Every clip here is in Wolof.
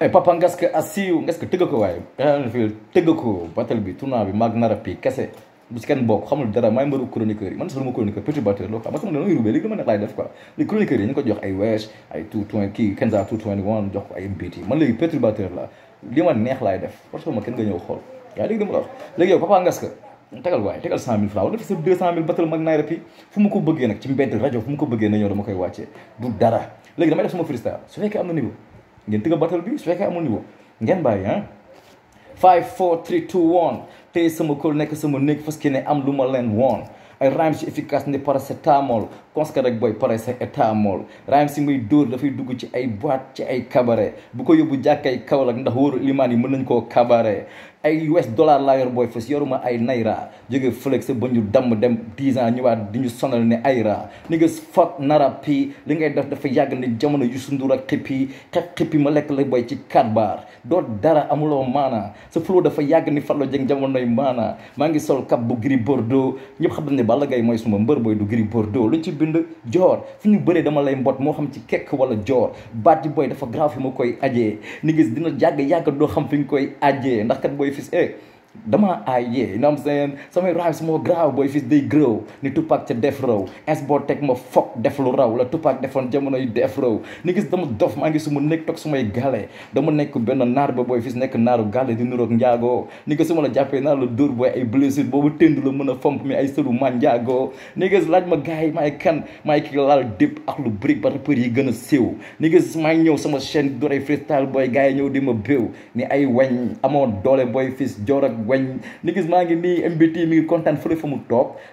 ay eh, papa ngas ka asiw ngas ka tëgg ko waaye eh, nga fi tëgg bi tournoi bi maag nara pi kese bu ci kenn bokk xamul dara maay mbaru chroniqueur yi man sax ma chroniqueur petit batteur loo xam parce que ma neex laay def parce que ma kenn nga def sa deux cent mille battle mag naay rapi fu mu ngeen tëgg battle bi su fekkee amul niveau ngeen bàyyi ah 5 4 3 2 1 tey sama kër nekk sama néeg fas ne am lu ma leen woon ay rhymes si efficace ni paracétamol conska rek booy paracétamol rhymes si muy dóor dafay dugg ci ay boîte ci ay cabaret bu ko yóbbu jàkkay Kaolack ndax wóoru limaan yi mën nañ koo cabaret ay US dollar laa yor booy fas yoruma ay naira jege fële sa ba ñu damm dem 10 ans ñëwaat di ñu sonal ne ayra ni nga foog nara pii li ngay def dafa yàgg ne jamono Youssou Ndour ak xippi xep xippi ma lekk la boy ci kat baar doo dara amuloo maana sa flow dafa yàgg ni farlo jëng jamonoy maana maa ngi sol cap bu gris bordeaux ñëpp xam nañ ne Balla Gaye mooy suma mbër booy du gris bordeaux luñ ci bind joor fu ñu bëree dama lay mbot moo xam ci kekk wala joor baat yi booy dafa grave fi ma koy ajee ni gis dina jàgg yàgg doo xam fi nga koy ajee ndax kat booy if it's A. Eh, dama aay yee you know what I'm saying samay rhymes moo graaw booy fis day grow ni Tupac ca def raw ins boo teg ma foog def lu raw la Tupac defoon jamono yi def raw ni gis dama dof maa ngi suma nekk toog sumay gale dama nekk benn naar ba booy fis nekk naaru gale di nuroog njaagoo ni gis suma la jàppee naar la dóor booy ay blessure boobu tënd la a fomp mi ma njaagoo ni gis laaj ma gars yi maay kan maay ki laal dép ak lu brique ba rappeur yi gën a siiw ni gis maa ngi ñëw sama chaîne dorey freestyle booy gars yi ñëw di ma béew ni ay wañ amoo doole booy fis joor wagn ni gis maa ngi ni mbt mi ngi kontaan fële fa mu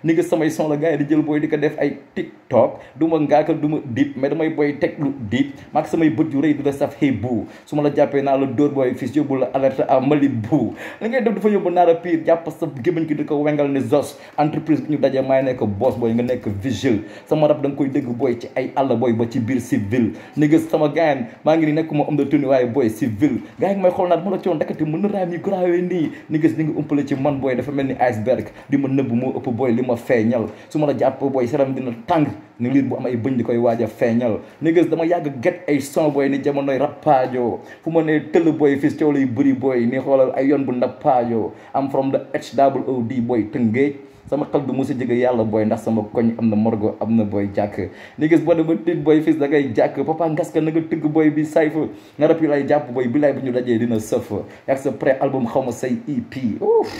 ni gis samay son la gaay di jël boy di ko def ay tiktok duma ma ngaaka dip mais damay boy tek lu dip mak samay beut yu reuy du la saf xëy bu su la jappé na la dóor boy fils yóbbu alerte à malibu la ngay def fa yóbbu na pire japp sa ki di ko wengal ni zos entreprise bi ñu dajé may nek boss boy nga nek vigile sama rap dang koy dégg boy ci ay alla boy ba ci bir civil ni sama gayan ma ngi ni nek mo am da tuni way boy civil gaay yi may xol na mo la won dakati mu ni ni gis li nga umpale ci man booy dafa mel ni iceberg li ma nëbb moo ëpp booy li ma feeñal su ma la jàpp booy saram dina tàng ni liir bu am ay bëñ di koy waaj a feeñal niggas dama yàgg get ay son booy ni jamonoy rappaajo fu ma ne tëll booy fis coow lay bëri booy ni xoolal ay yoon bu ndappaajo am from the H double O D booy tëngéej sama xel du mos a jóge yàlla booy ndax sama koñ am na morgo am na booy jàkk li gis boo dema tiit booy fils da ngay jàkk papa ngaska na nga tëgg booy bi say fa nga jàpp booy bi lay ñu dajee dina sëf ak sa pré album xaw ma say EP ouf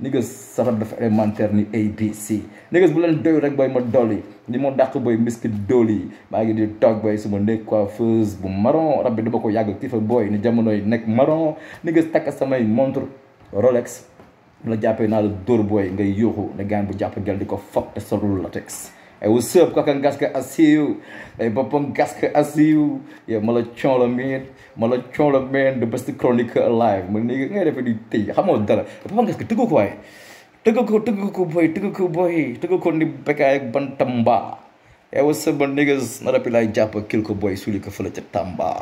ni nga sa rab dafa élémentaire ni ABC ni bu leen rek booy ma dolli li ma dàq booy miskit dool yi maa ngi di toog booy suma nekk coiffeuse bu marron rab bi dama ko yàgg tifa booy ni jamonoy nekk marron ni nga takk samay montre Rolex la jàppee naa la dóor booy ngay yuuxu ne gaan bu jàpp gel di ko fop te solul latex ay wu sëb kaka ngaska asiw ay boppam ngaska asiw yow ma la coono meen ma la coono meen the best chroniqueur alive mu ni ngay defee di tëy xamoo dara boppam ngaska tëgg ko waaye tëgg ko tëgg ko booy tëgg ni bekkaay ak ban tamba ay wu sëb ba niggas na rapi laay jàpp kil ko booy suli ko fële ca tamba